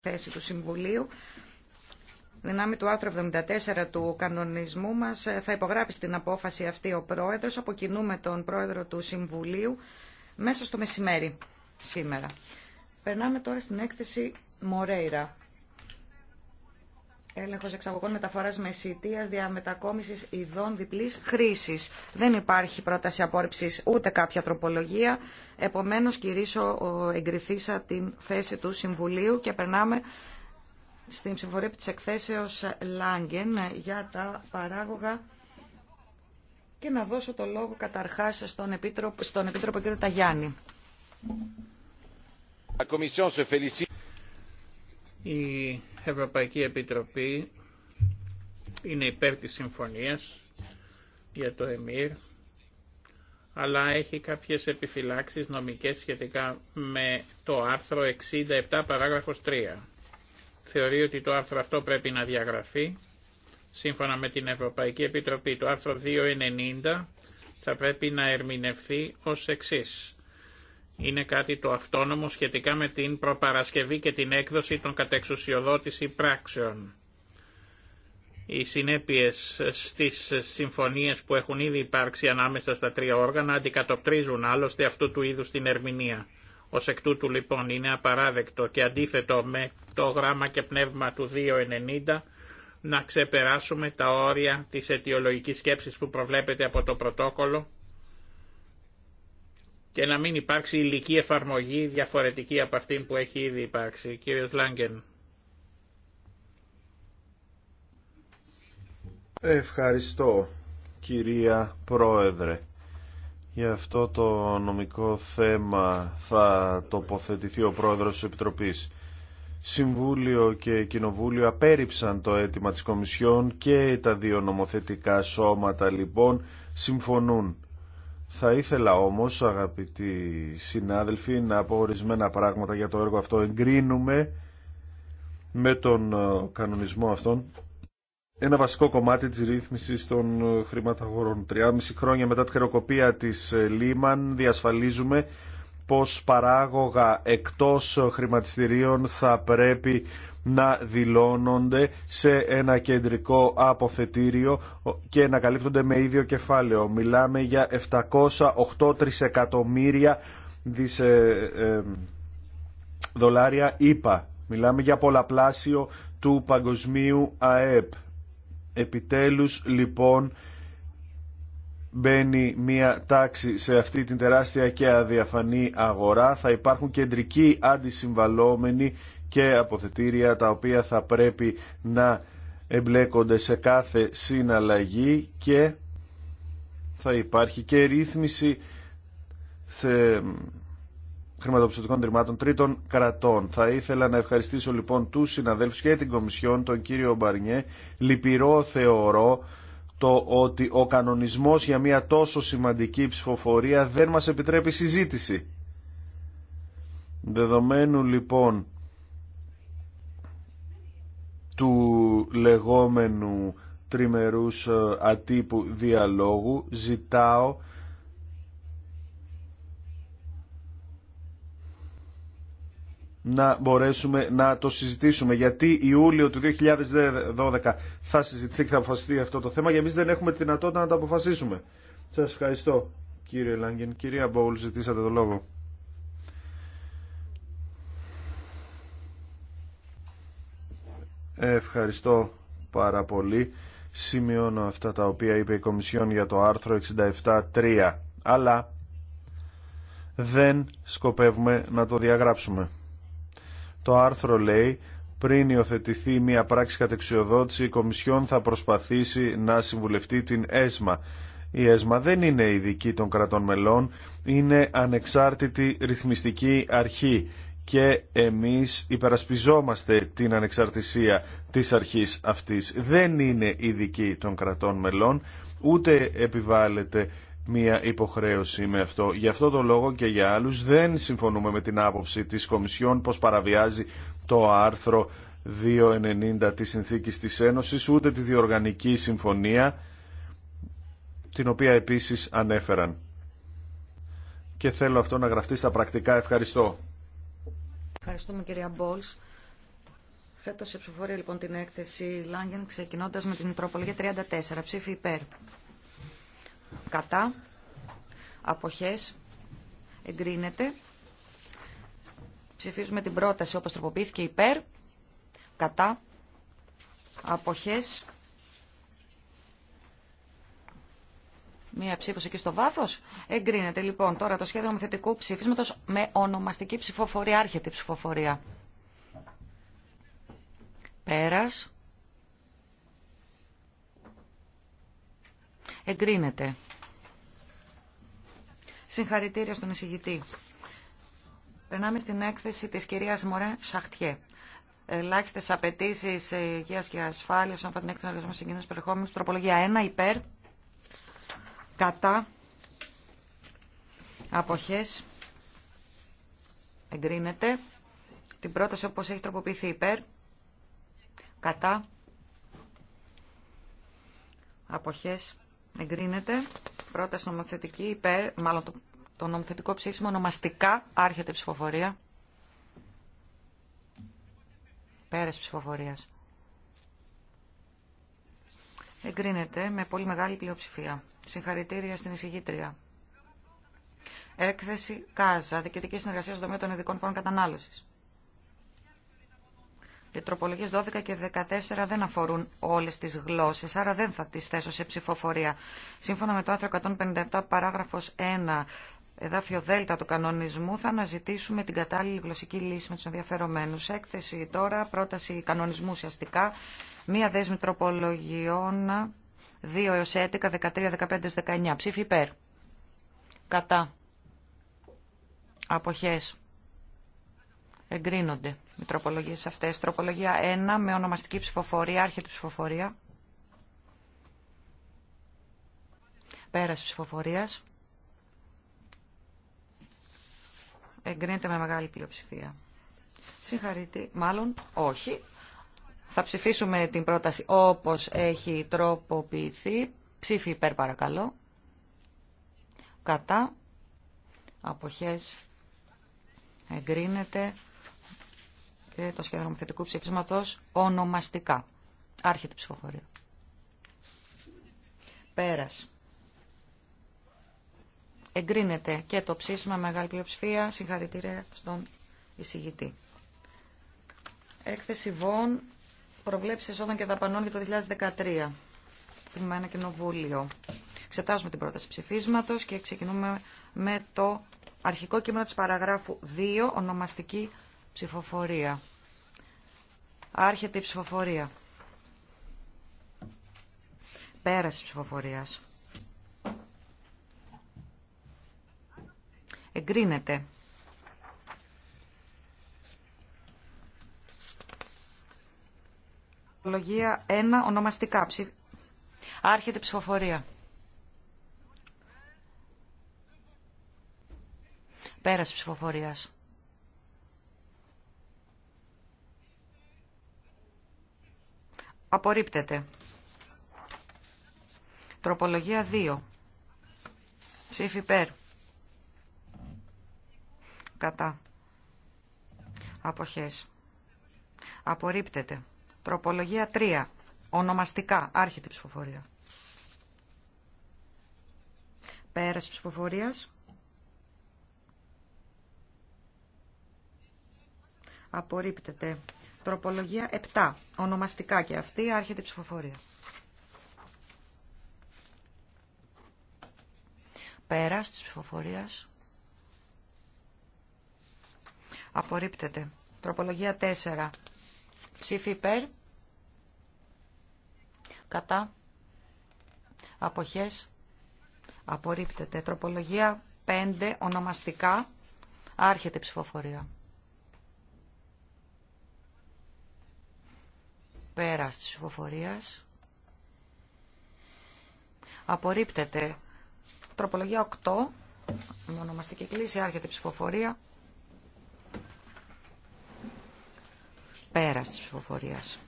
θέση του Συμβουλίου. Δυνάμει του άρθρου 74 του κανονισμού μας ε, θα υπογράψει την απόφαση αυτή ο Πρόεδρος. Αποκινούμε τον Πρόεδρο του Συμβουλίου μέσα στο μεσημέρι σήμερα. Περνάμε τώρα στην έκθεση Μορέιρα. Έλεγχο εξαγωγών μεταφορά μεσητείας διαμετακόμιση ειδών διπλής χρήσης. Δεν υπάρχει πρόταση απόρριψη ούτε κάποια τροπολογία. Επομένως κηρύσω εγκριθήσα την θέση του Συμβουλίου και περνάμε στην ψηφορία της εκθέσεως Λάγκεν για τα παράγωγα και να δώσω το λόγο καταρχάς στον Επίτροπο, στον Επίτροπο κ. Ταγιάννη. Η Ευρωπαϊκή Επιτροπή είναι υπέρ της συμφωνίας για το ΕΜΙΡ, αλλά έχει κάποιες επιφυλάξεις νομικές σχετικά με το άρθρο 67 παράγραφος 3. Θεωρεί ότι το άρθρο αυτό πρέπει να διαγραφεί. Σύμφωνα με την Ευρωπαϊκή Επιτροπή, το άρθρο 290 θα πρέπει να ερμηνευθεί ως εξής είναι κάτι το αυτόνομο σχετικά με την προπαρασκευή και την έκδοση των κατεξουσιοδότηση πράξεων. Οι συνέπειες στις συμφωνίες που έχουν ήδη υπάρξει ανάμεσα στα τρία όργανα αντικατοπτρίζουν άλλωστε αυτού του είδους την ερμηνεία. Ως εκ τούτου λοιπόν είναι απαράδεκτο και αντίθετο με το γράμμα και πνεύμα του 290 να ξεπεράσουμε τα όρια της αιτιολογικής σκέψης που προβλέπεται από το πρωτόκολλο και να μην υπάρξει υλική εφαρμογή διαφορετική από αυτήν που έχει ήδη υπάρξει. Κύριε Λάγκεν. Ευχαριστώ κυρία Πρόεδρε. Για αυτό το νομικό θέμα θα τοποθετηθεί ο Πρόεδρος της Επιτροπής. Συμβούλιο και Κοινοβούλιο απέριψαν το αίτημα της Κομισιόν και τα δύο νομοθετικά σώματα λοιπόν συμφωνούν θα ήθελα όμως, αγαπητοί συνάδελφοι, να πω ορισμένα πράγματα για το έργο αυτό. Εγκρίνουμε με τον ε, κανονισμό αυτόν ένα βασικό κομμάτι της ρύθμισης των ε, χρηματαγορών. 3,5 χρόνια μετά τη χρεοκοπία της ε, Λίμαν διασφαλίζουμε πως παράγωγα εκτός χρηματιστηρίων θα πρέπει να δηλώνονται σε ένα κεντρικό αποθετήριο και να καλύπτονται με ίδιο κεφάλαιο. Μιλάμε για 708 τρισεκατομμύρια ε, ε, δολάρια ΙΠΑ. Μιλάμε για πολλαπλάσιο του παγκοσμίου ΑΕΠ. Επιτέλους λοιπόν μπαίνει μια τάξη σε αυτή την τεράστια και αδιαφανή αγορά. Θα υπάρχουν κεντρικοί αντισυμβαλόμενοι και αποθετήρια τα οποία θα πρέπει να εμπλέκονται σε κάθε συναλλαγή και θα υπάρχει και ρύθμιση θε... χρηματοπιστωτικών δρυμάτων τρίτων κρατών. Θα ήθελα να ευχαριστήσω λοιπόν τους συναδέλφους και την Κομισιόν, τον κύριο Μπαρνιέ. Λυπηρό θεωρώ το ότι ο κανονισμός για μια τόσο σημαντική ψηφοφορία δεν μας επιτρέπει συζήτηση. Δεδομένου λοιπόν του λεγόμενου τριμερούς ε, ατύπου διαλόγου ζητάω να μπορέσουμε να το συζητήσουμε. Γιατί Ιούλιο του 2012 θα συζητηθεί και θα αποφασιστεί αυτό το θέμα και εμείς δεν έχουμε τη δυνατότητα να το αποφασίσουμε. Σας ευχαριστώ κύριε Λάγκεν. Κυρία Μπόουλ, ζητήσατε το λόγο. Ευχαριστώ πάρα πολύ. Σημειώνω αυτά τα οποία είπε η Κομισιόν για το άρθρο 67.3. Αλλά δεν σκοπεύουμε να το διαγράψουμε. Το άρθρο λέει πριν υιοθετηθεί μια πράξη κατεξιοδότηση, η Κομισιόν θα προσπαθήσει να συμβουλευτεί την ΕΣΜΑ. Η ΕΣΜΑ δεν είναι ειδική των κρατών μελών, είναι ανεξάρτητη ρυθμιστική αρχή και εμείς υπερασπιζόμαστε την ανεξαρτησία της αρχής αυτής. Δεν είναι ειδική των κρατών μελών, ούτε επιβάλλεται μία υποχρέωση με αυτό. Γι' αυτό το λόγο και για άλλους δεν συμφωνούμε με την άποψη της Κομισιόν πως παραβιάζει το άρθρο 290 της Συνθήκης της Ένωσης, ούτε τη Διοργανική Συμφωνία, την οποία επίσης ανέφεραν. Και θέλω αυτό να γραφτεί στα πρακτικά. Ευχαριστώ. Ευχαριστούμε κυρία Μπόλς. Θέτω σε ψηφορία λοιπόν την έκθεση Λάγγεν ξεκινώντας με την τροπολογία 34. Ψήφι υπέρ. Κατά. Αποχές. Εγκρίνεται. Ψηφίζουμε την πρόταση όπως τροποποιήθηκε υπέρ. Κατά. Αποχές. Μία ψήφο εκεί στο βάθο. Εγκρίνεται λοιπόν τώρα το σχέδιο νομοθετικού ψήφισματο με ονομαστική ψηφοφορία. Άρχεται ψηφοφορία. Πέρα. Εγκρίνεται. Συγχαρητήρια στον εισηγητή. Περνάμε στην έκθεση της κυρίας Μωρέ Σαχτιέ. Ελάχιστε απαιτήσει υγεία και ασφάλεια όσον αφορά την έκθεση των εργαζομένων συγκίνητων περιεχόμενου. Τροπολογία 1 υπέρ κατά αποχές εγκρίνεται την πρόταση όπως έχει τροποποιηθεί υπέρ κατά αποχές εγκρίνεται πρόταση νομοθετική υπέρ μάλλον το, το νομοθετικό ψήφισμα ονομαστικά άρχεται ψηφοφορία πέρας ψηφοφορίας εγκρίνεται με πολύ μεγάλη πλειοψηφία. Συγχαρητήρια στην εισηγήτρια. Έκθεση ΚΑΖΑ, Διοικητική Συνεργασία στον τομέα των ειδικών φόρων κατανάλωση. Οι τροπολογίε 12 και 14 δεν αφορούν όλε τι γλώσσε, άρα δεν θα τι θέσω σε ψηφοφορία. Σύμφωνα με το άρθρο 157, παράγραφο 1, εδάφιο Δέλτα του κανονισμού, θα αναζητήσουμε την κατάλληλη γλωσσική λύση με του ενδιαφερομένου. Έκθεση τώρα, πρόταση κανονισμού ουσιαστικά Μία δέσμη τροπολογιών 2 έως 11, 13, 15, 19. Ψήφι υπέρ. Κατά. Αποχές. Εγκρίνονται οι τροπολογίες αυτές. Τροπολογία 1 με ονομαστική ψηφοφορία, άρχεται ψηφοφορία. Πέραση ψηφοφορίας. Εγκρίνεται με μεγάλη πλειοψηφία. Συγχαρητή. Μάλλον όχι. Θα ψηφίσουμε την πρόταση όπως έχει τροποποιηθεί. Ψήφι υπέρ παρακαλώ. Κατά. Αποχές. Εγκρίνεται. Και το σχέδιο νομοθετικού ψηφίσματος ονομαστικά. Άρχεται η ψηφοφορία. Πέρας. Εγκρίνεται και το ψήφισμα μεγάλη πλειοψηφία. Συγχαρητήρια στον εισηγητή. Έκθεση ΒΟΝ προβλέψει εσόδων και δαπανών για το 2013. Πριν ένα κοινοβούλιο. Ξετάζουμε την πρόταση ψηφίσματο και ξεκινούμε με το αρχικό κείμενο τη παραγράφου 2, ονομαστική ψηφοφορία. Άρχεται η ψηφοφορία. Πέραση ψηφοφορία. Εγκρίνεται. Τροπολογία 1 ονομαστικά ψήφι. Άρχεται ψηφοφορία. Πέραση ψηφοφορίας. Απορρίπτεται. Τροπολογία 2. Ψήφι υπέρ. Κατά. Αποχές. Απορρίπτεται. Τροπολογία 3. Ονομαστικά. Άρχεται ψηφοφορία. Πέρας ψηφοφορίας. Απορρίπτεται. Τροπολογία 7. Ονομαστικά και αυτή. Άρχεται ψηφοφορία. Πέρας της ψηφοφορίας. Απορρίπτεται. Τροπολογία 4. Ψήφι υπέρ. Κατά. Αποχές. Απορρίπτεται. Τροπολογία 5. Ονομαστικά. Άρχεται ψηφοφορία. Πέρας της ψηφοφορίας. Απορρίπτεται. Τροπολογία 8. Ονομαστική κλίση. Άρχεται ψηφοφορία. Πέρας της ψηφοφορίας.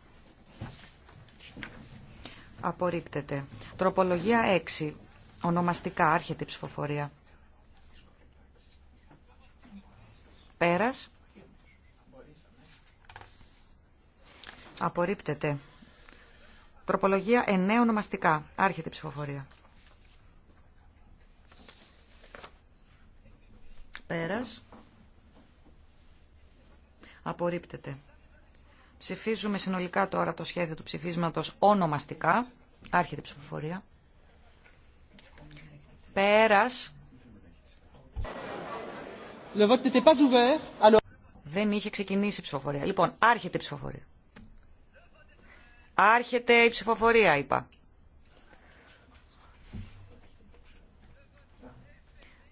Απορρίπτεται. Τροπολογία 6. Ονομαστικά άρχεται η ψηφοφορία. Πέρας. Απορρίπτεται. Τροπολογία 9 ονομαστικά. Άρχεται η ψηφοφορία. Πέρας. Απορρίπτεται. Ψηφίζουμε συνολικά τώρα το σχέδιο του ψηφίσματος ονομαστικά. Άρχεται η ψηφοφορία. Πέρας. Le vote pas alors... Δεν είχε ξεκινήσει η ψηφοφορία. Λοιπόν, άρχεται η ψηφοφορία. Άρχεται η ψηφοφορία, είπα.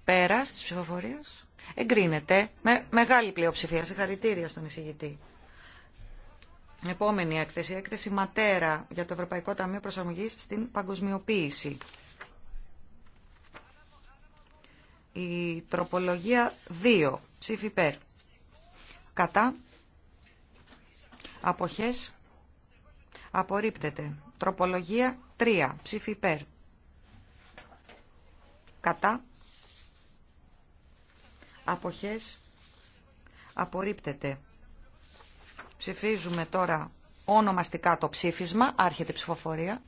Πέρας της ψηφοφορίας. Εγκρίνεται με μεγάλη πλειοψηφία. Συγχαρητήρια στον εισηγητή. Επόμενη έκθεση, έκθεση Ματέρα για το Ευρωπαϊκό Ταμείο Προσαρμογής στην Παγκοσμιοποίηση. Η τροπολογία 2, ψήφι περ. Κατά. Αποχές. Απορρίπτεται. Τροπολογία 3, ψήφι περ. Κατά. Αποχές. Απορρίπτεται. Ψηφίζουμε τώρα ονομαστικά το ψήφισμα. Άρχεται η ψηφοφορία.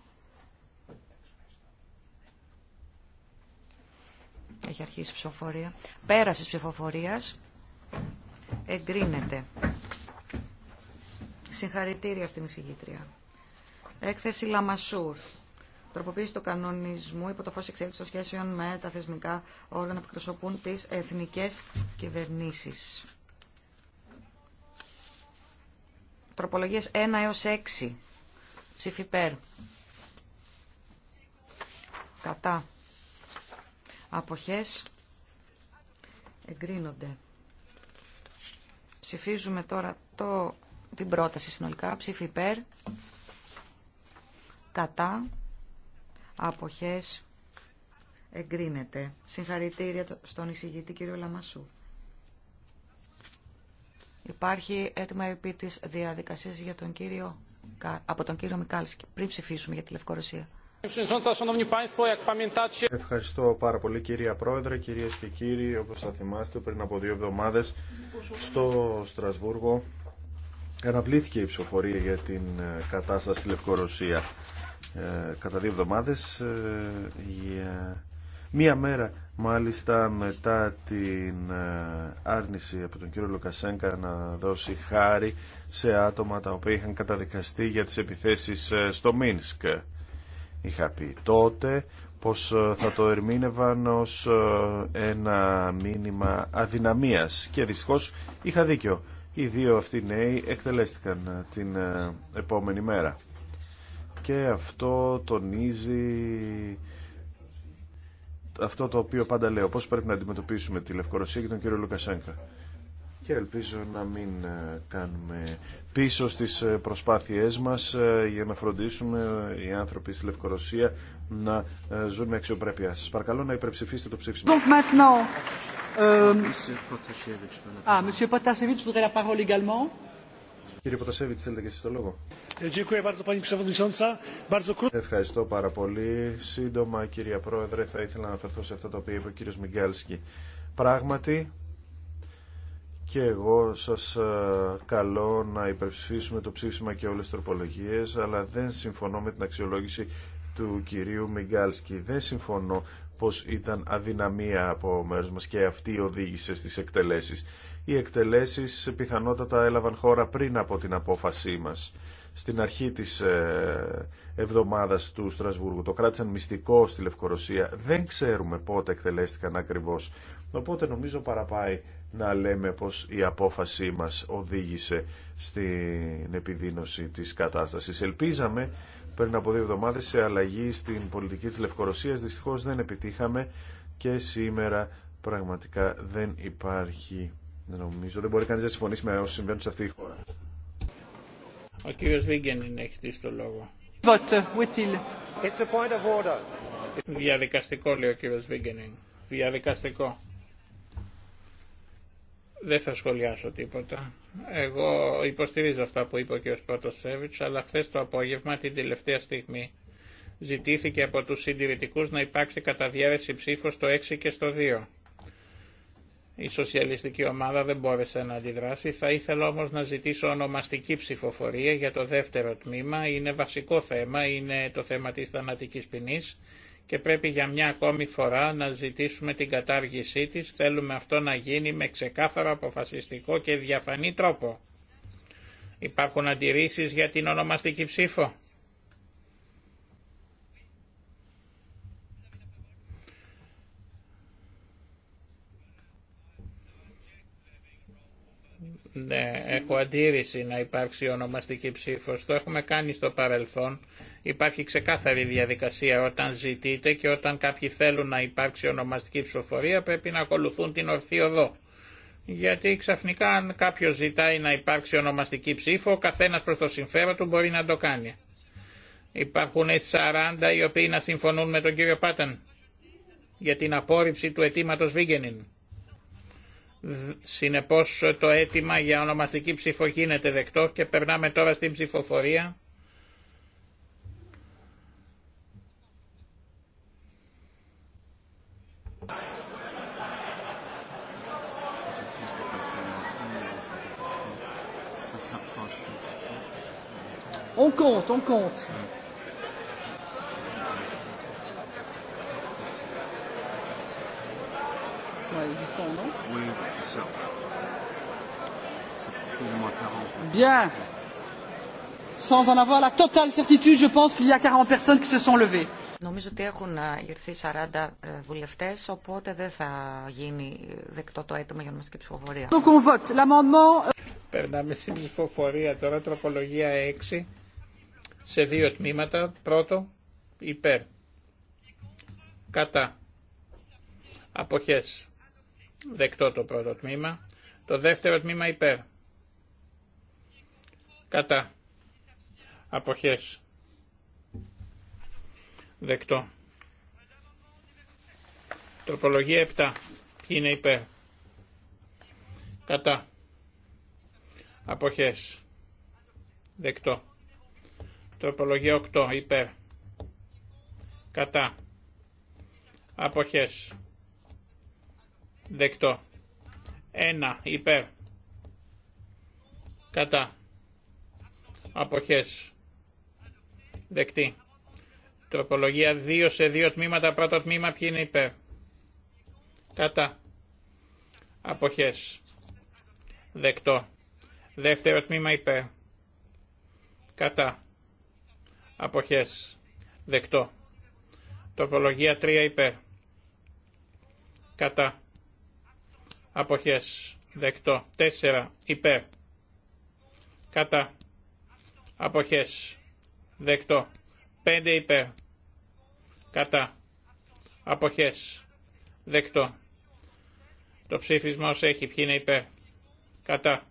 Έχει αρχίσει η ψηφοφορία. Πέραση ψηφοφορία. Εγκρίνεται. Συγχαρητήρια στην εισηγήτρια. Έκθεση Λαμασούρ. Τροποποίηση του κανονισμού υπό το φω εξέλιξη των σχέσεων με τα θεσμικά όργανα που εκπροσωπούν τι εθνικέ κυβερνήσει. Τροπολογίες 1 έως 6. Ψήφι υπέρ. Κατά. Αποχές. Εγκρίνονται. Ψηφίζουμε τώρα το, την πρόταση συνολικά. Ψήφι υπέρ. Κατά. Αποχές. Εγκρίνεται. Συγχαρητήρια στον εισηγητή κύριο Λαμασού. Υπάρχει έτοιμα επί της διαδικασίας για τον κύριο, από τον κύριο Μικάλσκι πριν ψηφίσουμε για τη Λευκορωσία. Ευχαριστώ πάρα πολύ κυρία Πρόεδρε, κυρίες και κύριοι. Όπως θα θυμάστε πριν από δύο εβδομάδες στο Στρασβούργο αναβλήθηκε η ψηφοφορία για την ε, κατάσταση στη Λευκορωσία ε, κατά δύο εβδομάδες ε, για μία μέρα Μάλιστα μετά την ε, άρνηση από τον κύριο Λουκασέγκα να δώσει χάρη σε άτομα τα οποία είχαν καταδικαστεί για τις επιθέσεις ε, στο Μίνσκ. Είχα πει τότε πως ε, θα το ερμήνευαν ως ένα μήνυμα αδυναμίας και δυστυχώς είχα δίκιο. Οι δύο αυτοί νέοι εκτελέστηκαν την επόμενη μέρα. Και αυτό τονίζει αυτό το οποίο πάντα λέω, πώς πρέπει να αντιμετωπίσουμε τη Λευκορωσία και τον κύριο Λουκασάνκα. Και ελπίζω να μην ε, κάνουμε πίσω στις ε, προσπάθειές μας ε, για να φροντίσουμε οι άνθρωποι στη Λευκορωσία να ζουν με αξιοπρέπεια. Σας παρακαλώ να υπερψηφίσετε το ψήφισμα. euh... Ah, Monsieur la parole également. Κύριε Ποτασέβη, θέλετε και εσείς το λόγο. Ε, Ευχαριστώ πάρα πολύ. Σύντομα, κύριε Πρόεδρε, θα ήθελα να αναφερθώ σε αυτό το οποίο είπε ο κύριος Μιγκάλσκι. Πράγματι, και εγώ σας ε, καλώ να υπερψηφίσουμε το ψήφισμα και όλες τις τροπολογίες, αλλά δεν συμφωνώ με την αξιολόγηση του κυρίου Μιγκάλσκι. Δεν συμφωνώ πως ήταν αδυναμία από μέρους μας και αυτή οδήγησε στις εκτελέσεις. Οι εκτελέσεις πιθανότατα έλαβαν χώρα πριν από την απόφασή μας. Στην αρχή της ε, εβδομάδας του Στρασβούργου το κράτησαν μυστικό στη Λευκορωσία. Δεν ξέρουμε πότε εκτελέστηκαν ακριβώς. Οπότε νομίζω παραπάει να λέμε πως η απόφασή μας οδήγησε στην επιδείνωση της κατάστασης. Ελπίζαμε πριν από δύο εβδομάδες σε αλλαγή στην πολιτική της Λευκορωσίας. Δυστυχώς δεν επιτύχαμε και σήμερα πραγματικά δεν υπάρχει, δεν νομίζω, δεν μπορεί κανείς να συμφωνήσει με όσους συμβαίνουν σε αυτή τη χώρα. Ο κύριο Βίγκενιν έχει χτίσει το λόγο. Διαδικαστικό λέει ο κύριο Βίγκενιν. Διαδικαστικό. Δεν θα σχολιάσω τίποτα. Εγώ υποστηρίζω αυτά που είπε ο κ. Πρωτοσέβιτς, αλλά χθε το απόγευμα την τελευταία στιγμή ζητήθηκε από τους συντηρητικούς να υπάρξει καταδιέρεση ψήφος στο 6 και στο 2. Η σοσιαλιστική ομάδα δεν μπόρεσε να αντιδράσει, θα ήθελα όμως να ζητήσω ονομαστική ψηφοφορία για το δεύτερο τμήμα. Είναι βασικό θέμα, είναι το θέμα της θανατικής ποινής και πρέπει για μια ακόμη φορά να ζητήσουμε την κατάργησή της. Θέλουμε αυτό να γίνει με ξεκάθαρο αποφασιστικό και διαφανή τρόπο. Υπάρχουν αντιρρήσεις για την ονομαστική ψήφο. Ναι, έχω αντίρρηση να υπάρξει ονομαστική ψήφος. Το έχουμε κάνει στο παρελθόν. Υπάρχει ξεκάθαρη διαδικασία όταν ζητείτε και όταν κάποιοι θέλουν να υπάρξει ονομαστική ψηφοφορία πρέπει να ακολουθούν την ορθή οδό. Γιατί ξαφνικά αν κάποιος ζητάει να υπάρξει ονομαστική ψήφο, ο καθένας προς το συμφέρον του μπορεί να το κάνει. Υπάρχουν 40 οι οποίοι να συμφωνούν με τον κύριο Πάτεν για την απόρριψη του αιτήματο Βίγγενιν. Συνεπώς το αίτημα για ονομαστική ψήφο γίνεται δεκτό και περνάμε τώρα στην ψηφοφορία. On compte, on compte. Oui, ça. C'est plus ou moins 40. Bien. Sans en avoir la totale certitude, je pense qu'il y a 40 personnes qui se sont levées. Νομίζω ότι έχουν ήρθει ε, 40 ε, βουλευτέ, οπότε δεν θα γίνει ε, δεκτό το αίτημα για ονομαστική ψηφοφορία. Donc on euh, Περνάμε στην ψηφοφορία τώρα, τροπολογία 6, σε δύο τμήματα. Πρώτο, υπέρ. Κατά. Αποχές. Δεκτό το πρώτο τμήμα. Το δεύτερο τμήμα υπέρ. Κατά. Αποχές. Δεκτό. Τροπολογία 7. Ποιοι είναι υπέρ. Κατά. Αποχές. Δεκτό. Τροπολογία 8. Υπέρ. Κατά. Αποχές. Δεκτό. 1 υπέρ. Κατά. Αποχές. Δεκτή. Τροπολογία 2 σε 2 τμήματα. Πρώτο τμήμα ποιο είναι υπέρ. Κατά. Αποχές. Δεκτό. Δεύτερο τμήμα υπέρ. Κατά. Αποχές. Δεκτό. Τροπολογία 3 υπέρ. Κατά αποχές δεκτό Τέσσερα. υπέρ κατά αποχές δεκτό Πέντε υπέρ κατά αποχές δεκτό το ψήφισμα ως έχει ποιοι είναι υπέρ κατά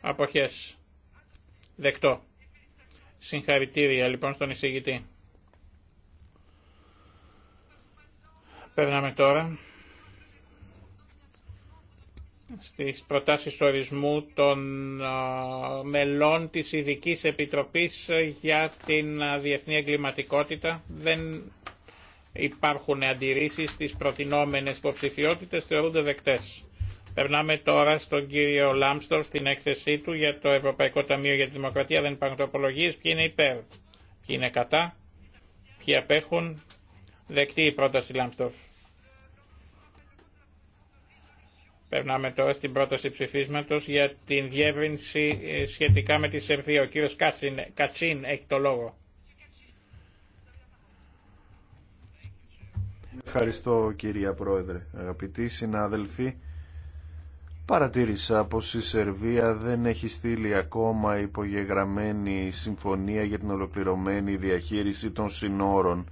αποχές δεκτό συγχαρητήρια λοιπόν στον εισηγητή περνάμε τώρα στις προτάσεις ορισμού των μελών της ειδική Επιτροπής για την Διεθνή Εγκληματικότητα. Δεν υπάρχουν αντιρρήσεις στις προτινόμενες υποψηφιότητε θεωρούνται δεκτές. Περνάμε τώρα στον κύριο Λάμστορ στην έκθεσή του για το Ευρωπαϊκό Ταμείο για τη Δημοκρατία. Δεν υπάρχουν τροπολογίες. Ποιοι είναι υπέρ, ποιοι είναι κατά, ποιοι απέχουν. Δεκτή η πρόταση Λάμστορφ. Περνάμε τώρα στην πρόταση ψηφίσματο για την διεύρυνση ε, σχετικά με τη Σερβία. Ο κύριο Κάτσιν, Κατσίν έχει το λόγο. Ευχαριστώ κυρία Πρόεδρε. Αγαπητοί συνάδελφοι, παρατήρησα πως η Σερβία δεν έχει στείλει ακόμα υπογεγραμμένη συμφωνία για την ολοκληρωμένη διαχείριση των συνόρων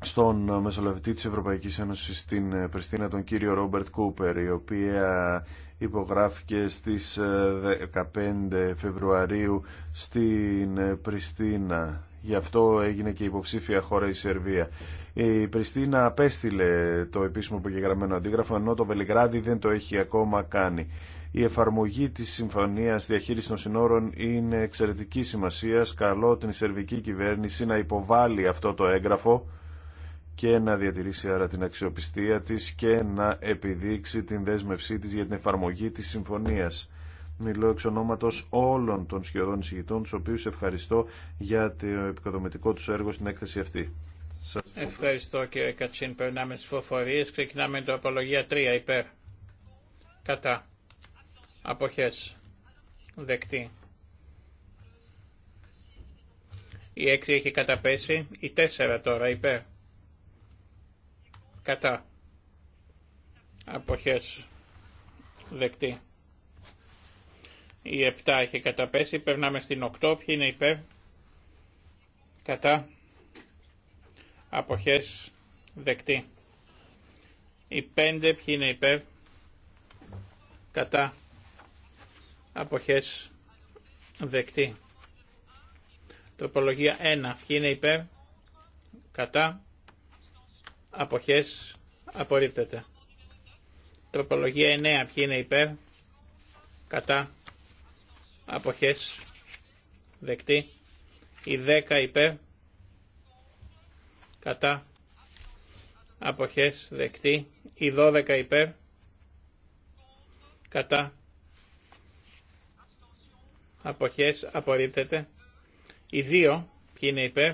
στον μεσολαβητή της Ευρωπαϊκής Ένωσης στην ε, Πριστίνα, τον κύριο Ρόμπερτ Κούπερ, η οποία υπογράφηκε στις 15 ε, Φεβρουαρίου στην ε, Πριστίνα. Γι' αυτό έγινε και υποψήφια χώρα η Σερβία. Η Πριστίνα απέστειλε το επίσημο υπογεγραμμένο αντίγραφο, ενώ το Βελιγράδι δεν το έχει ακόμα κάνει. Η εφαρμογή της Συμφωνίας Διαχείρισης των Συνόρων είναι εξαιρετική σημασία. Καλό την σερβική κυβέρνηση να υποβάλει αυτό το έγγραφο και να διατηρήσει άρα την αξιοπιστία της και να επιδείξει την δέσμευσή της για την εφαρμογή της συμφωνίας. Μιλώ εξ ονόματος όλων των σχεδόν εισηγητών, τους οποίους ευχαριστώ για το επικοδομητικό τους έργο στην έκθεση αυτή. Ευχαριστώ κύριε Κατσίν. Περνάμε στις φοφορίες. Ξεκινάμε με το απολογία 3 υπέρ. Κατά. Αποχές. Δεκτή. Η 6 έχει καταπέσει. Η 4 τώρα υπέρ κατά αποχές δεκτή. Η 7 έχει καταπέσει, περνάμε στην 8, ποιοι είναι υπέρ, κατά, αποχές, δεκτή. Η 5, ποιοι είναι υπέρ, κατά, αποχές, δεκτή. Τοπολογία 1, ποιοι είναι υπέρ, κατά, Αποχές. Απορρίπτεται. Τροπολογία 9. Ποιοι είναι υπέρ. Κατά. Αποχές. Δεκτή. Η 10 υπέρ. Κατά. Αποχές. Δεκτή. Η 12 υπέρ. Κατά. Αποχές. Απορρίπτεται. Η 2. Ποιοι είναι υπέρ.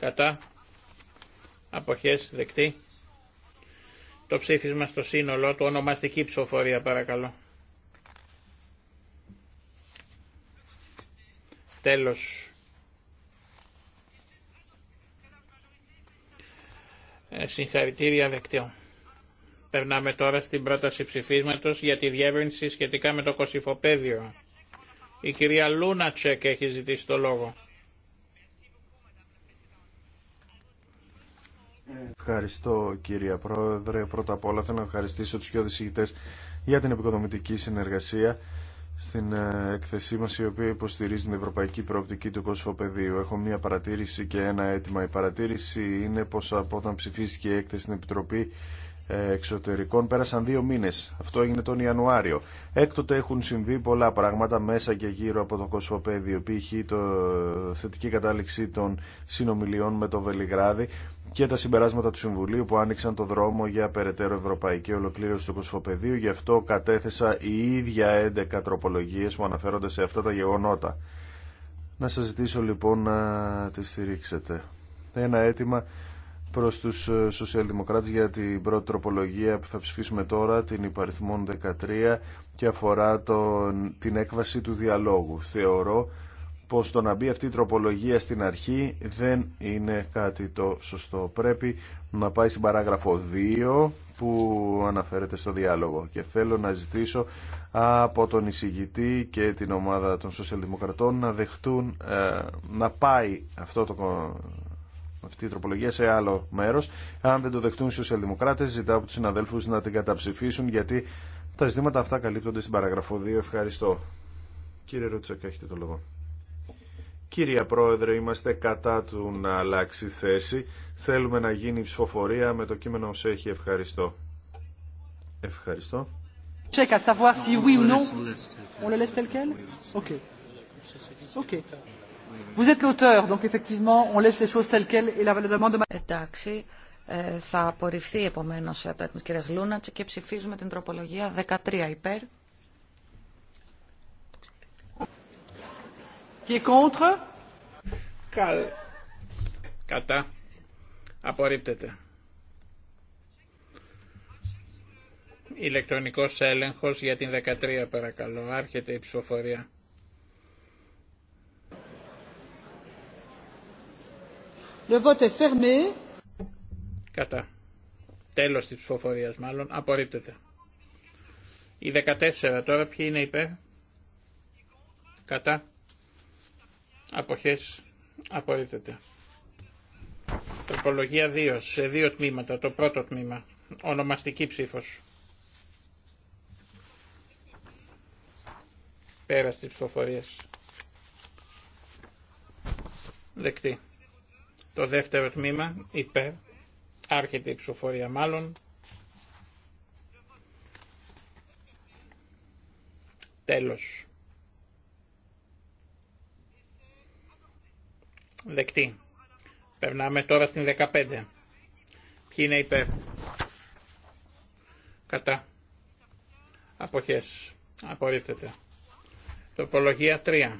Κατά Αποχές δεκτή. Το ψήφισμα στο σύνολό του, ονομαστική ψηφοφορία παρακαλώ. Τέλος. Ε, συγχαρητήρια δεκτή. Περνάμε τώρα στην πρόταση ψηφίσματος για τη διεύρυνση σχετικά με το κοσυφοπέδιο. Η κυρία Λούνατσεκ έχει ζητήσει το λόγο. Ευχαριστώ κύριε Πρόεδρε. Πρώτα απ' όλα θέλω να ευχαριστήσω τους πιο για την επικοδομητική συνεργασία στην ε, έκθεσή μας η οποία υποστηρίζει την ευρωπαϊκή προοπτική του πεδίου. Έχω μία παρατήρηση και ένα αίτημα. Η παρατήρηση είναι πως από όταν ψηφίστηκε η έκθεση στην Επιτροπή εξωτερικών πέρασαν δύο μήνες. Αυτό έγινε τον Ιανουάριο. Έκτοτε έχουν συμβεί πολλά πράγματα μέσα και γύρω από το Κοσμοπέδιο, π.χ. το θετική κατάληξη των συνομιλιών με το Βελιγράδι και τα συμπεράσματα του Συμβουλίου που άνοιξαν το δρόμο για περαιτέρω ευρωπαϊκή ολοκλήρωση του Κοσμοπεδίου. Γι' αυτό κατέθεσα οι ίδια 11 τροπολογίες που αναφέρονται σε αυτά τα γεγονότα. Να σα ζητήσω λοιπόν να τη στηρίξετε. Ένα αίτημα προς τους ε, σοσιαλδημοκράτες για την πρώτη τροπολογία που θα ψηφίσουμε τώρα, την υπαριθμών 13 και αφορά τον, την έκβαση του διαλόγου. Θεωρώ πως το να μπει αυτή η τροπολογία στην αρχή δεν είναι κάτι το σωστό. Πρέπει να πάει στην παράγραφο 2 που αναφέρεται στο διάλογο και θέλω να ζητήσω από τον εισηγητή και την ομάδα των σοσιαλδημοκρατών να δεχτούν ε, να πάει αυτό το αυτή η τροπολογία σε άλλο μέρος. Αν δεν το δεχτούν οι σοσιαλδημοκράτε, ζητάω από τους συναδέλφου να την καταψηφίσουν, γιατί τα ζητήματα αυτά καλύπτονται στην παραγραφό 2. Ευχαριστώ. Κύριε Ρούτσακ, έχετε το λόγο. Κύριε Πρόεδρε, είμαστε κατά του να αλλάξει θέση. Θέλουμε να γίνει ψηφοφορία με το κείμενο ως έχει. Ευχαριστώ. Ευχαριστώ. Check à savoir si oui ou non. On le laisse tel quel Ok. Ok. Εντάξει, θα απορριφθεί επομένω από τα τη κυρία Λούνατσα και ψηφίζουμε την τροπολογία 13 υπέρ. Και contre. Κατά. Απορρίπτεται. Ηλεκτρονικός έλεγχος για την 13 παρακαλώ. Άρχεται η ψηφοφορία. Le vote est fermé. Κατά. Τέλος της ψηφοφορίας μάλλον. Απορρίπτεται. Η 14 τώρα ποιοι είναι υπέρ. Κατά. Αποχές. Απορρίπτεται. Τροπολογία 2 σε δύο τμήματα. Το πρώτο τμήμα. Ονομαστική ψήφος. Πέρα τη ψηφοφορίας. Δεκτή. Το δεύτερο τμήμα υπέρ, άρχεται η ψηφοφορία μάλλον. Τέλος. Δεκτή. Περνάμε τώρα στην 15. Ποιοι είναι υπέρ. Κατά. Αποχές. Απορρίπτεται. Τοπολογία 3.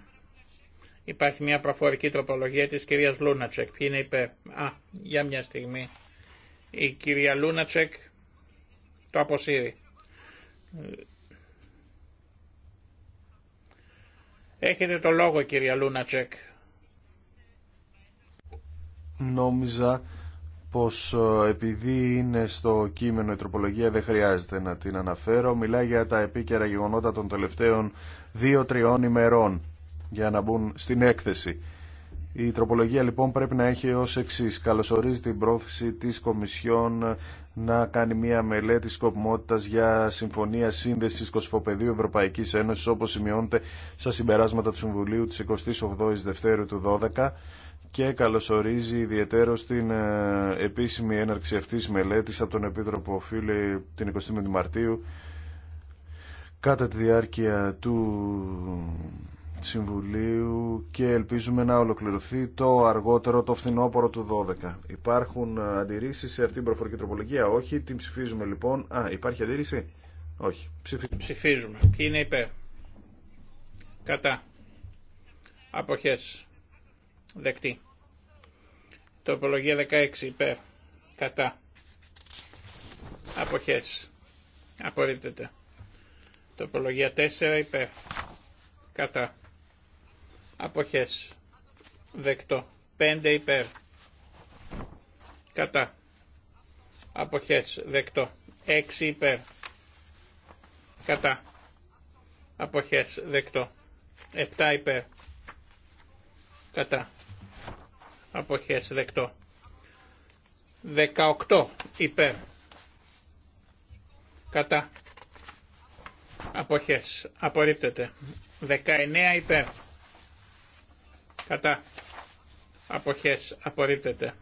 Υπάρχει μια προφορική τροπολογία της κυρίας Λούνατσεκ. Ποιοι είναι υπέρ. Α, για μια στιγμή. Η κυρία Λούνατσεκ το αποσύρει. Έχετε το λόγο κυρία Λούνατσεκ. Νόμιζα πως ε, επειδή είναι στο κείμενο η τροπολογία δεν χρειάζεται να την αναφέρω. Μιλάει για τα επίκαιρα γεγονότα των τελευταίων δύο-τριών ημερών για να μπουν στην έκθεση. Η τροπολογία λοιπόν πρέπει να έχει ως εξής. Καλωσορίζει την πρόθεση της Κομισιόν να κάνει μια μελέτη σκοπιμότητας για συμφωνία σύνδεσης Κοσφοπεδίου Ευρωπαϊκής Ένωσης όπως σημειώνεται στα συμπεράσματα του Συμβουλίου της 28ης Δευτέρου του 12 και καλωσορίζει ιδιαίτερο στην ε, επίσημη έναρξη αυτής μελέτης από τον Επίτροπο Φίλη την 25η Μαρτίου κατά τη διάρκεια του Συμβουλίου και ελπίζουμε να ολοκληρωθεί το αργότερο, το φθινόπωρο του 12. Υπάρχουν ε, αντιρρήσεις σε αυτήν την προφορική τροπολογία. Όχι, την ψηφίζουμε λοιπόν. Α, υπάρχει αντίρρηση. Όχι. Ψηφίζουμε. Ψηφίζουμε. Ποιοι είναι υπέρ. Κατά. Αποχές. Δεκτή. Τοπολογία 16 υπέρ. Κατά. Αποχές. Απορρίπτεται. Τοπολογία 4 υπέρ. Κατά. Αποχές. Δεκτό. 5 υπέρ. Κατά. Αποχές. Δεκτό. 6 υπέρ. Κατά. Αποχές. Δεκτό. 7 υπέρ. Κατά. Αποχές. Δεκτό. 18 υπέρ. Κατά. Αποχές. Απορρίπτεται. 19 υπέρ κατά αποχές απορρίπτεται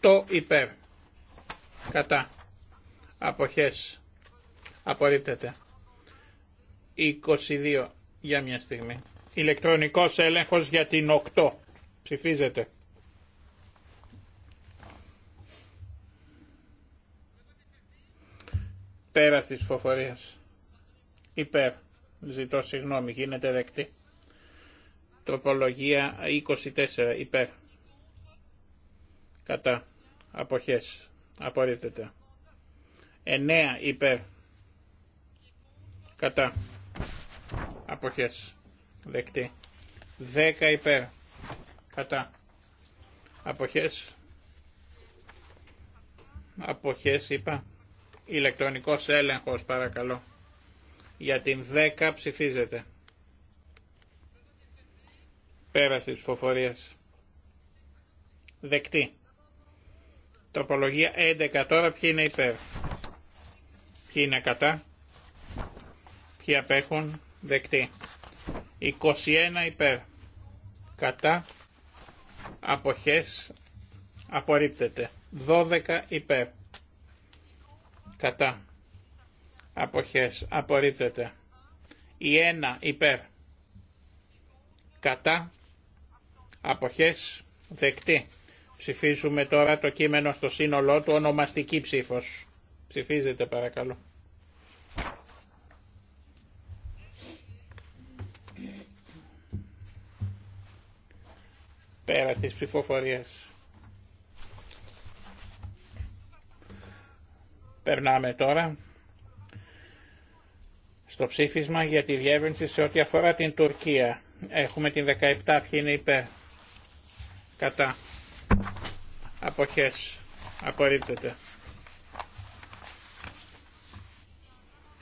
8 υπέρ κατά αποχές απορρίπτεται 22 για μια στιγμή ηλεκτρονικός έλεγχος για την 8 ψηφίζεται πέρα της φοφορίας υπέρ ζητώ συγγνώμη γίνεται δεκτή Τροπολογία 24 υπέρ. Κατά. Αποχές. Απορρίπτεται. 9 υπέρ. Κατά. Αποχές. Δεκτή. 10 υπέρ. Κατά. Αποχές. Αποχές είπα. Ηλεκτρονικός έλεγχος παρακαλώ. Για την 10 ψηφίζεται. Πέραση της ψηφοφορίας. Δεκτή. Τοπολογία 11 τώρα ποιοι είναι υπέρ. Ποιοι είναι κατά. Ποιοι απέχουν. Δεκτή. 21 υπέρ. Κατά. Αποχές. Απορρίπτεται. 12 υπέρ. Κατά. Αποχές. Απορρίπτεται. Η 1 υπέρ. Κατά αποχές δεκτή. Ψηφίζουμε τώρα το κείμενο στο σύνολό του, ονομαστική ψήφος. Ψηφίζετε παρακαλώ. Πέρα στις ψηφοφορίες. Περνάμε τώρα στο ψήφισμα για τη διεύρυνση σε ό,τι αφορά την Τουρκία. Έχουμε την 17, ποιοι υπέρ κατά αποχές απορρίπτεται.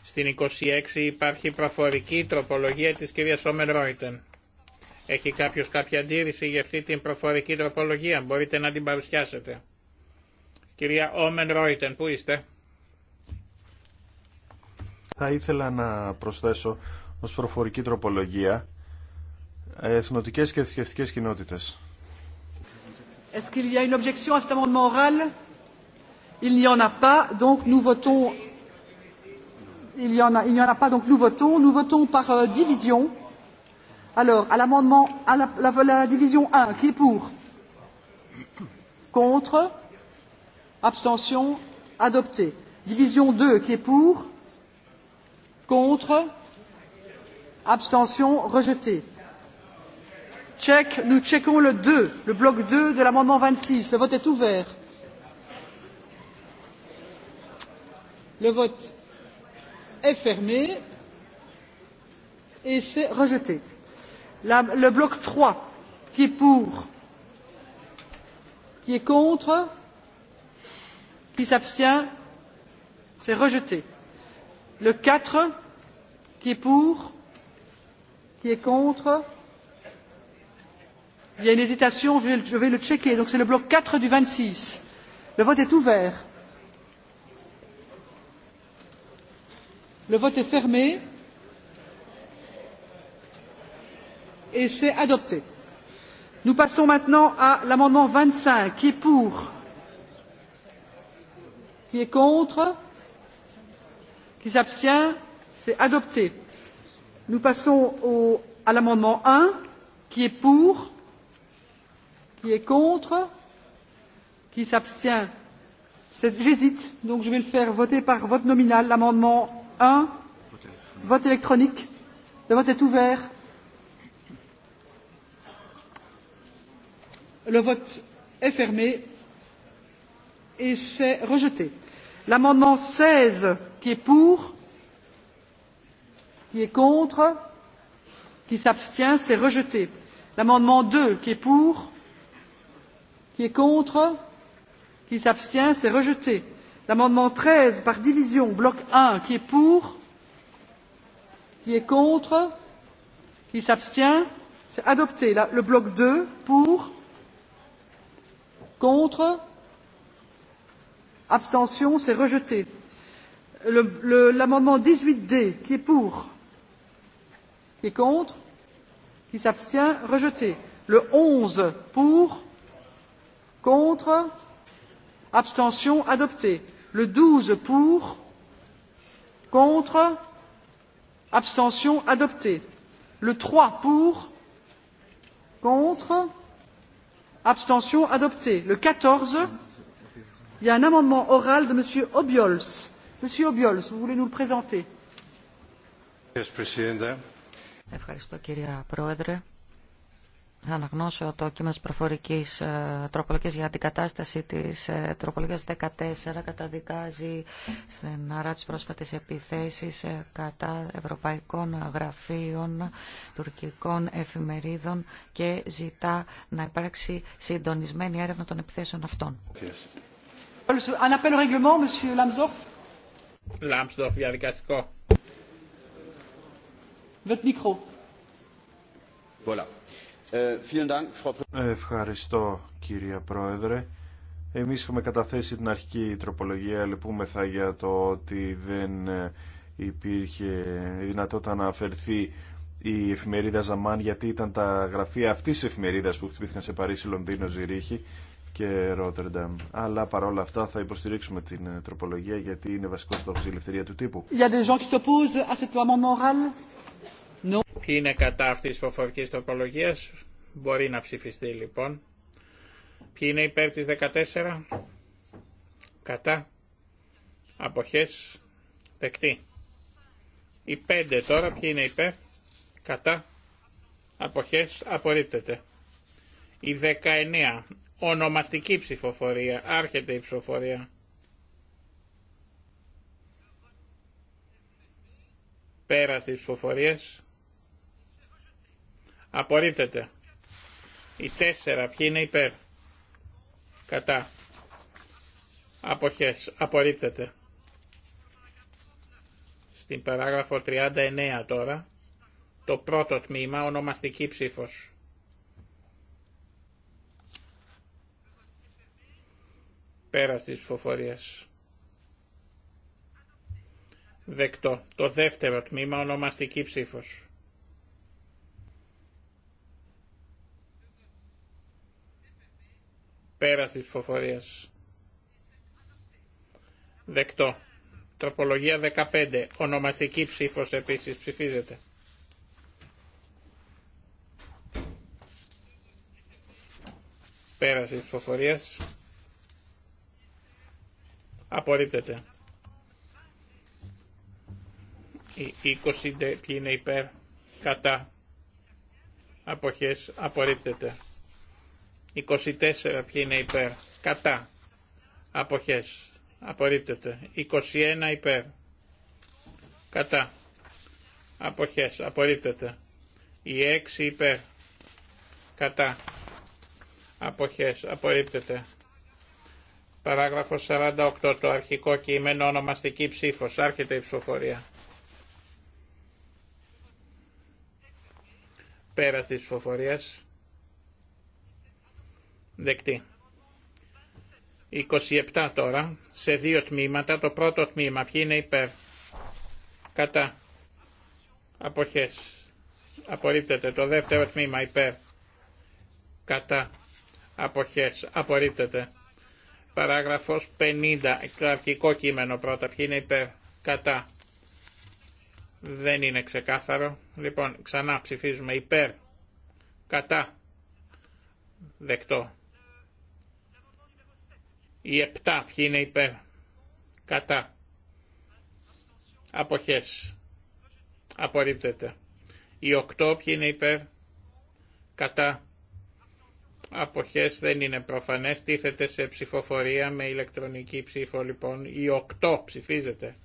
Στην 26 υπάρχει προφορική τροπολογία της κυρίας Όμερ Ρόιτεν. Έχει κάποιος κάποια αντίρρηση για αυτή την προφορική τροπολογία. Μπορείτε να την παρουσιάσετε. Κυρία Όμεν Ρόιτεν, πού είστε. Θα ήθελα να προσθέσω ως προφορική τροπολογία ε, εθνοτικές και θρησκευτικέ κοινότητες. Est-ce qu'il y a une objection à cet amendement oral Il n'y en a pas, donc nous votons. Il n'y en, a pas, donc nous votons. Nous votons par division. Alors, à l'amendement, à la, division 1, qui est pour Contre Abstention Adopté. Division 2, qui est pour Contre Abstention Rejeté Check, nous checkons le 2, le bloc 2 de l'amendement 26. Le vote est ouvert. Le vote est fermé et c'est rejeté. le bloc 3, qui est pour, qui est contre, qui s'abstient, c'est rejeté. Le 4, qui est pour, qui est contre, Il y a une hésitation, je vais le checker. Donc c'est le bloc 4 du 26. Le vote est ouvert. Le vote est fermé. Et c'est adopté. Nous passons maintenant à l'amendement 25. Qui est pour Qui est contre Qui s'abstient C'est adopté. Nous passons à l'amendement 1. Qui est pour Qui est contre Qui s'abstient J'hésite, donc je vais le faire voter par vote nominal. L'amendement 1, vote électronique. Le vote est ouvert. Le vote est fermé et c'est rejeté. L'amendement 16, qui est pour, qui est contre, qui s'abstient, c'est rejeté. L'amendement 2, qui est pour, qui est contre, qui s'abstient, c'est rejeté. L'amendement 13 par division, bloc 1, qui est pour, qui est contre, qui s'abstient, c'est adopté. Le bloc 2, pour, contre, abstention, c'est rejeté. L'amendement 18D, qui est pour, qui est contre, qui s'abstient, rejeté. Le 11, pour, Contre Abstention adoptée. Le 12 pour. Contre Abstention adoptée. Le 3 pour. Contre Abstention adopté. Le 14. Il y a un amendement oral de M. Obiols. Monsieur Obiols, vous voulez nous le présenter θα αναγνώσω το κείμενο της προφορικής ε, τροπολογίας για την κατάσταση της ε, τροπολογίας 14 καταδικάζει στην άρα τις πρόσφατες επιθέσεις ε, κατά ευρωπαϊκών γραφείων, τουρκικών εφημερίδων και ζητά να υπάρξει συντονισμένη έρευνα των επιθέσεων αυτών. Voilà. Ε, Ευχαριστώ κύριε Πρόεδρε. Εμείς είχαμε καταθέσει την αρχική τροπολογία, λυπούμεθα για το ότι δεν ε, υπήρχε δυνατότητα να αφαιρθεί η εφημερίδα Ζαμάν γιατί ήταν τα γραφεία αυτής της εφημερίδας που χτυπήθηκαν σε Παρίσι, Λονδίνο, Ζηρίχη και Ρότερνταμ. Αλλά παρόλα αυτά θα υποστηρίξουμε την ε, τροπολογία γιατί είναι βασικό στόχος η ελευθερία του τύπου. No. Ποιοι είναι κατά αυτής της φοφορική τροπολογίας. Μπορεί να ψηφιστεί λοιπόν. Ποιοι είναι υπέρ της 14. Κατά. Αποχές. Δεκτή. Οι 5 τώρα. Ποιοι είναι υπέρ. Κατά. Αποχές. Απορρίπτεται. Η 19. Ονομαστική ψηφοφορία. Άρχεται η ψηφοφορία. Πέραστη στις ψηφοφορίες Απορρίπτεται. Οι τέσσερα. Ποιοι είναι υπέρ. Κατά. Αποχές. Απορρίπτεται. Στην παράγραφο 39 τώρα. Το πρώτο τμήμα ονομαστική ψήφος. Πέρα της ψηφοφορίες. Δεκτό. Το δεύτερο τμήμα ονομαστική ψήφος. Πέραση της ψηφοφορίας. Δεκτό. Τροπολογία 15. Ονομαστική ψήφος επίσης ψηφίζεται. Πέραση της ψηφοφορίας. Απορρίπτεται. Η 20 ποιοι είναι υπέρ, κατά, αποχές, απορρίπτεται. 24 ποιοι είναι υπέρ. Κατά. Αποχές. Απορρίπτεται. 21 υπέρ. Κατά. Αποχές. Απορρίπτεται. Η 6 υπέρ. Κατά. Αποχές. Απορρίπτεται. Παράγραφος 48. Το αρχικό κείμενο ονομαστική ψήφος. Άρχεται η ψηφοφορία. Πέρας της ψηφοφορίας. Δεκτή. 27 τώρα, σε δύο τμήματα. Το πρώτο τμήμα, ποιοι είναι υπέρ. Κατά. Αποχές. Απορρίπτεται. Το δεύτερο τμήμα, υπέρ. Κατά. Αποχές. Απορρίπτεται. Παράγραφος 50. Κραυκικό κείμενο πρώτα. Ποιοι είναι υπέρ. Κατά. Δεν είναι ξεκάθαρο. Λοιπόν, ξανά ψηφίζουμε υπέρ. Κατά. Δεκτό. Η επτά ποιοι είναι υπέρ. Κατά. Αποχές. Απορρίπτεται. Η οκτώ ποιοι είναι υπέρ. Κατά. Αποχές δεν είναι προφανές. Τίθεται σε ψηφοφορία με ηλεκτρονική ψήφο λοιπόν. Η οκτώ ψηφίζεται.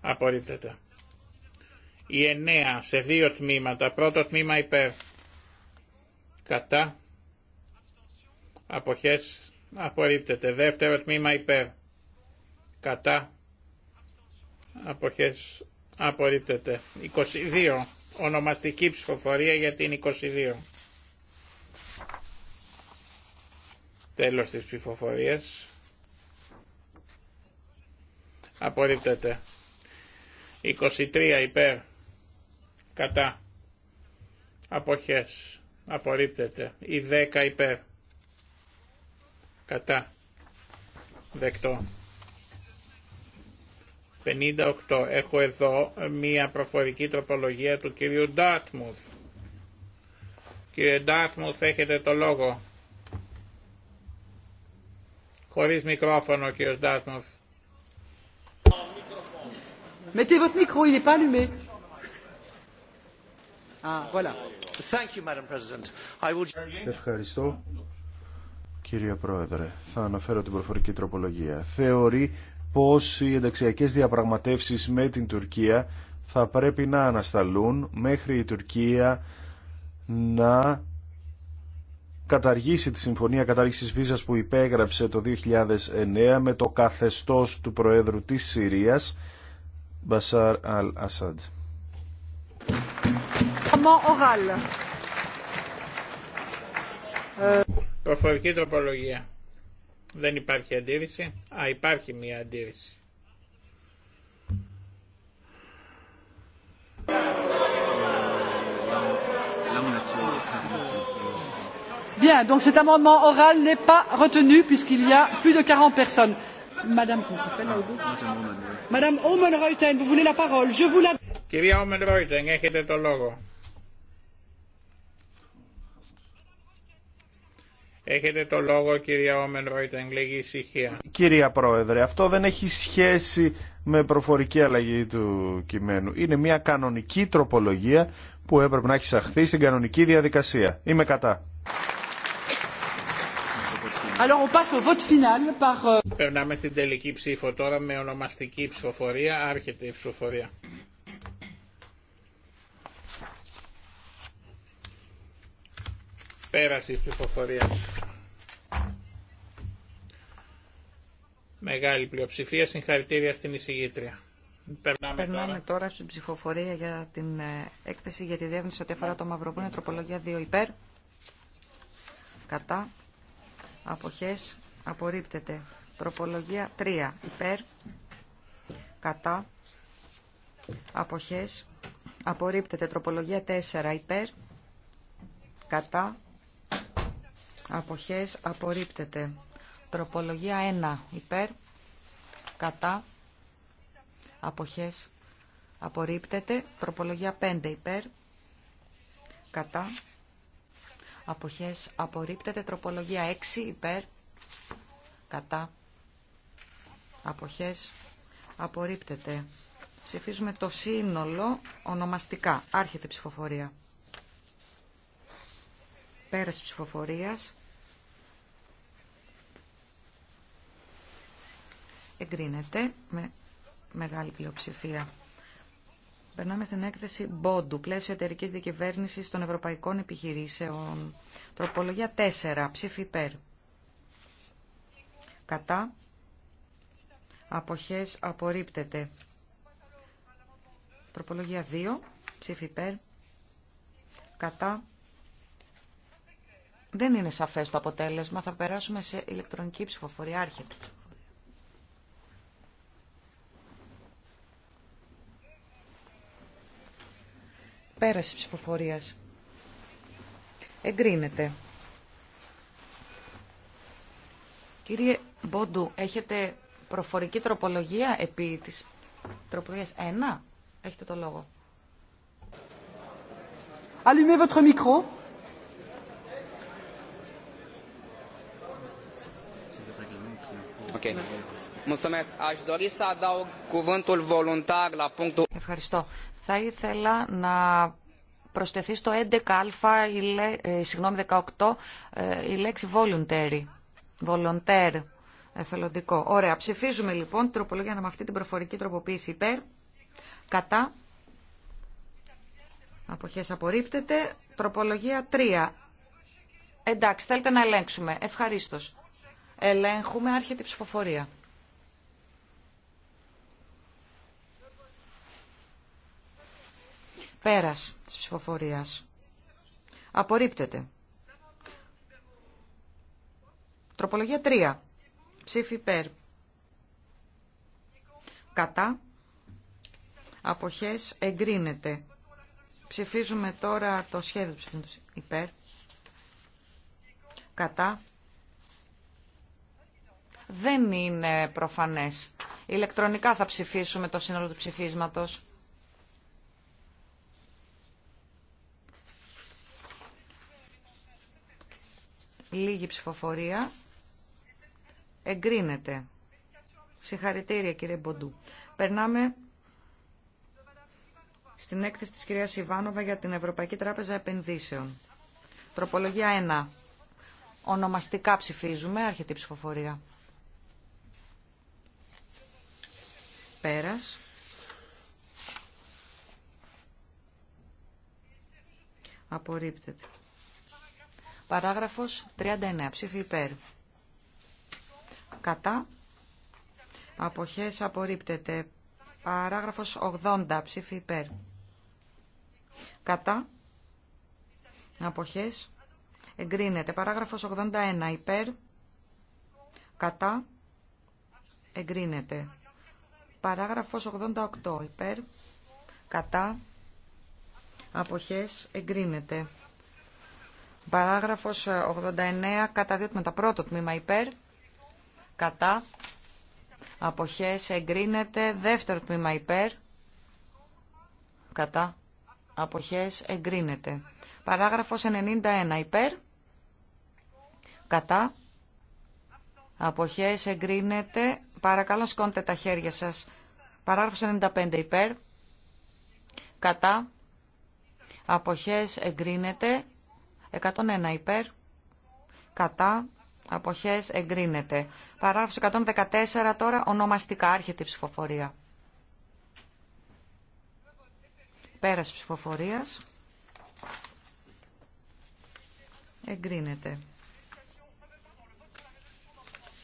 Απορρίπτεται. Η εννέα σε δύο τμήματα. Πρώτο τμήμα υπέρ. Κατά. Αποχές. Απορρίπτεται. Δεύτερο τμήμα υπέρ. Κατά. Αποχές. Απορρίπτεται. 22. Ονομαστική ψηφοφορία για την 22. Τέλος της ψηφοφορίας. Απορρίπτεται. 23 υπέρ κατά αποχές απορρίπτεται η δέκα υπέρ κατά δεκτό 58 έχω εδώ μία προφορική τροπολογία του κυρίου Ντάτμουθ κύριε Ντάτμουθ έχετε το λόγο χωρίς μικρόφωνο κύριος Ντάτμουθ Mettez votre micro, il n'est pas allumé. Ευχαριστώ. Κύριε Πρόεδρε, θα αναφέρω την προφορική τροπολογία. Θεωρεί πως οι ενταξιακές διαπραγματεύσεις με την Τουρκία θα πρέπει να ανασταλούν μέχρι η Τουρκία να καταργήσει τη συμφωνία κατάργησης βίζας που υπέγραψε το 2009 με το καθεστώς του Προέδρου της Συρίας Μπασάρ Αλ Ασάντ amendement oral. Προφορική τροπολογία. Δεν υπάρχει αντίρρηση. Α, υπάρχει μία αντίρρηση. Bien, donc cet amendement oral n'est pas retenu puisqu'il y a plus de 40 personnes. Madame, comment s'appelle là Madame Omen Reuten, vous voulez la parole Je vous la. Κυρία Omen Reuten, έχετε le λόγο. Έχετε το λόγο κυρία Όμεν Ρόιτεν, ησυχία. Κυρία Πρόεδρε, αυτό δεν έχει σχέση με προφορική αλλαγή του κειμένου. Είναι μια κανονική τροπολογία που έπρεπε να έχει σαχθεί στην κανονική διαδικασία. Είμαι κατά. Euh, Περνάμε στην τελική ψήφο τώρα με ονομαστική ψηφοφορία. Άρχεται η ψηφοφορία. Πέρασε η ψηφοφορία. Μεγάλη πλειοψηφία. Συγχαρητήρια στην εισηγήτρια. Περνάμε, τώρα. στην ψηφοφορία για την ε, έκθεση για τη διεύνηση ό,τι αφορά το Μαυροβούνιο. Ναι. Τροπολογία 2 υπέρ. Κατά. Αποχές. Απορρίπτεται. Τροπολογία 3 υπέρ. Κατά. Αποχές. Απορρίπτεται. Τροπολογία 4 υπέρ. Κατά. Αποχές. Απορρίπτεται. Τροπολογία 1 υπέρ, κατά, αποχές, απορρίπτεται. Τροπολογία 5 υπέρ, κατά, αποχές, απορρίπτεται. Τροπολογία 6 υπέρ, κατά, αποχές, απορρίπτεται. Ψηφίζουμε το σύνολο ονομαστικά. Άρχεται ψηφοφορία. Πέρας ψηφοφορίας. εγκρίνεται με μεγάλη πλειοψηφία. Περνάμε στην έκθεση Μπόντου, πλαίσιο εταιρική διακυβέρνηση των ευρωπαϊκών επιχειρήσεων. Τροπολογία 4, ψήφι υπέρ. Κατά. Αποχές απορρίπτεται. Τροπολογία 2, ψήφι υπέρ. Κατά. Δεν είναι σαφές το αποτέλεσμα. Θα περάσουμε σε ηλεκτρονική ψηφοφορία. Άρχεται. Πέραση ψηφοφορίας. Εγκρίνεται. Κύριε Μπόντου, έχετε προφορική τροπολογία επί της τροπολογίας 1. Έχετε το λόγο. Allumez votre micro. Okay. Mulțumesc. Aș dori să adaug cuvântul voluntar la punctul... Ευχαριστώ. Θα ήθελα να προσθεθεί στο 11α, ε, συγγνώμη 18, ε, η λέξη voluntary, volunteer, εθελοντικό. Ωραία, ψηφίζουμε λοιπόν την τροπολογία με αυτή την προφορική τροποποίηση υπέρ, κατά, αποχές απορρίπτεται, τροπολογία 3. Εντάξει, θέλετε να ελέγξουμε. Ευχαρίστως. Ελέγχουμε, άρχεται η ψηφοφορία. Πέρας της ψηφοφορίας. Απορρίπτεται. Τροπολογία 3. Ψήφι υπέρ. Κατά. Αποχές εγκρίνεται. Ψηφίζουμε τώρα το σχέδιο ψηφίσματος υπέρ. Κατά. Δεν είναι προφανές. Ηλεκτρονικά θα ψηφίσουμε το σύνολο του ψηφίσματος. Λίγη ψηφοφορία. Εγκρίνεται. Συγχαρητήρια κύριε Μποντού. Περνάμε στην έκθεση της κυρίας Ιβάνοβα για την Ευρωπαϊκή Τράπεζα Επενδύσεων. Τροπολογία 1. Ονομαστικά ψηφίζουμε. Άρχεται η ψηφοφορία. Πέρας. Απορρίπτεται. Παράγραφος 39. Ψήφι υπέρ. Κατά. Αποχές απορρίπτεται. Παράγραφος 80. Ψήφι υπέρ. Κατά. Αποχές. Εγκρίνεται. Παράγραφος 81. Υπέρ. Κατά. Εγκρίνεται. Παράγραφος 88. Υπέρ. Κατά. Αποχές. Εγκρίνεται. Παράγραφος 89 ε, κατά δύο τμήματα. Πρώτο τμήμα υπέρ, κατά, αποχές εγκρίνεται. Δεύτερο τμήμα υπέρ, κατά, αποχές εγκρίνεται. Παράγραφος 91 υπέρ, κατά, αποχές εγκρίνεται. Παρακαλώ σκόντε τα χέρια σας. Παράγραφος 95 υπέρ, κατά, αποχές εγκρίνεται. 101 υπέρ, κατά, αποχές εγκρίνεται. Παράγραφος 114 τώρα, ονομαστικά άρχεται η ψηφοφορία. Πέρας ψηφοφορίας. Εγκρίνεται.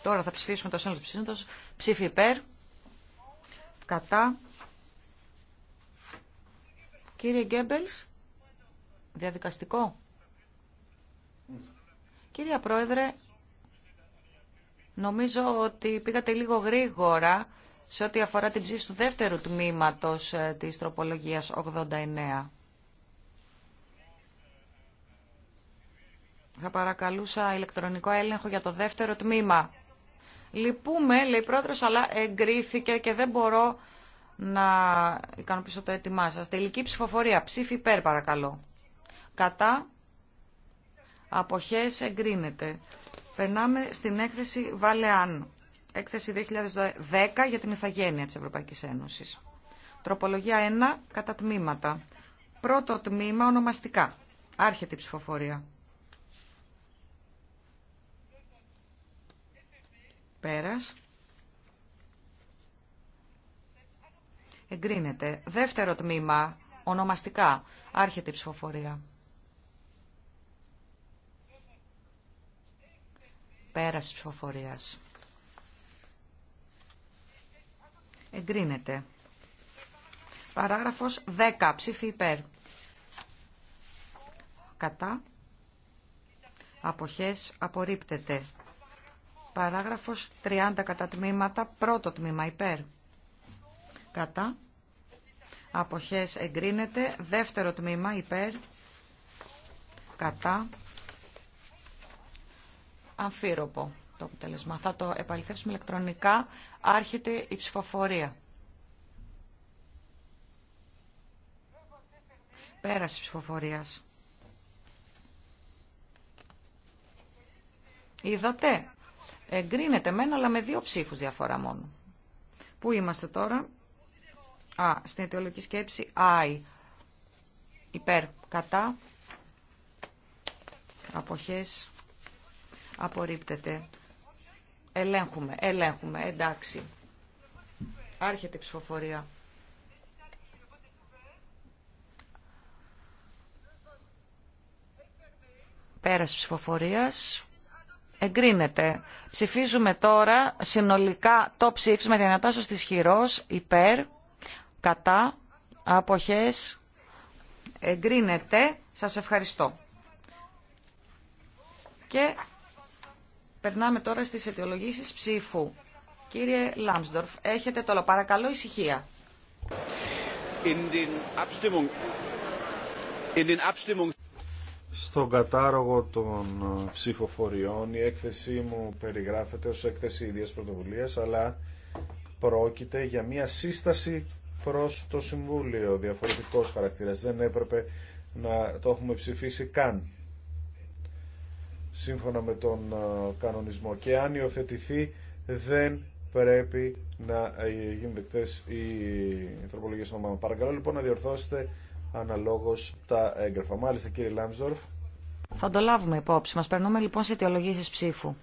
Τώρα θα ψηφίσουμε το σύνολο του ψήφιντος. Ψήφι υπέρ. Κατά. Κύριε Γκέμπελς. Διαδικαστικό. Κύριε Πρόεδρε, νομίζω ότι πήγατε λίγο γρήγορα σε ό,τι αφορά την ψήφιση του δεύτερου τμήματος ε, της τροπολογίας 89. Θα παρακαλούσα ηλεκτρονικό έλεγχο για το δεύτερο τμήμα. Λυπούμε, λέει πρόεδρος, αλλά εγκρίθηκε και δεν μπορώ να ικανοποιήσω το έτοιμά σας. Τελική ψηφοφορία. Ψήφι υπέρ, παρακαλώ. Κατά. Αποχές εγκρίνεται. Περνάμε στην έκθεση Βαλεάν. Έκθεση 2010 για την Ιθαγένεια της Ευρωπαϊκής Ένωσης. Τροπολογία 1 κατά τμήματα. Πρώτο τμήμα ονομαστικά. Άρχεται η ψηφοφορία. Πέρας. Εγκρίνεται. Δεύτερο τμήμα ονομαστικά. Άρχεται η ψηφοφορία. Πέραση της Εγκρίνεται. Παράγραφος 10. Ψήφι υπέρ. Κατά. Αποχές απορρίπτεται. Παράγραφος 30 κατά τμήματα. Πρώτο τμήμα υπέρ. Κατά. Αποχές εγκρίνεται. Δεύτερο τμήμα υπέρ. Κατά αμφίροπο το αποτέλεσμα. Θα το επαληθεύσουμε ηλεκτρονικά. Άρχεται η ψηφοφορία. Πέραση ψηφοφορίας. Είδατε. Εγκρίνεται μένα, αλλά με δύο ψήφους διαφορά μόνο. Πού είμαστε τώρα. Α, στην αιτιολογική σκέψη. Άι. Υπέρ. Κατά. Αποχές. Απορρίπτεται. Ελέγχουμε, ελέγχουμε, εντάξει. Άρχεται η ψηφοφορία. Πέρας ψηφοφορίας. Εγκρίνεται. Ψηφίζουμε τώρα συνολικά το ψήφισμα τάσω στη χειρός, υπέρ, κατά, αποχές. Εγκρίνεται. Σας ευχαριστώ. Και Περνάμε τώρα στις αιτιολογήσεις ψήφου. Κύριε Λάμσδορφ, έχετε το Παρακαλώ, ησυχία. Στον κατάρογο των ε, ψηφοφοριών η έκθεσή μου περιγράφεται ως έκθεση ίδιας πρωτοβουλίας, αλλά πρόκειται για μια σύσταση προς το Συμβούλιο. Διαφορετικός χαρακτήρας. Δεν έπρεπε να το έχουμε ψηφίσει καν σύμφωνα με τον κανονισμό και αν υιοθετηθεί δεν πρέπει να ε, γίνουν δεκτές οι τροπολογίε των ομάδων. Παρακαλώ λοιπόν να διορθώσετε αναλόγως τα έγγραφα. Μάλιστα κύριε Λάμσδορφ. Θα το λάβουμε υπόψη μας. Περνούμε λοιπόν σε αιτιολογήσεις ψήφου.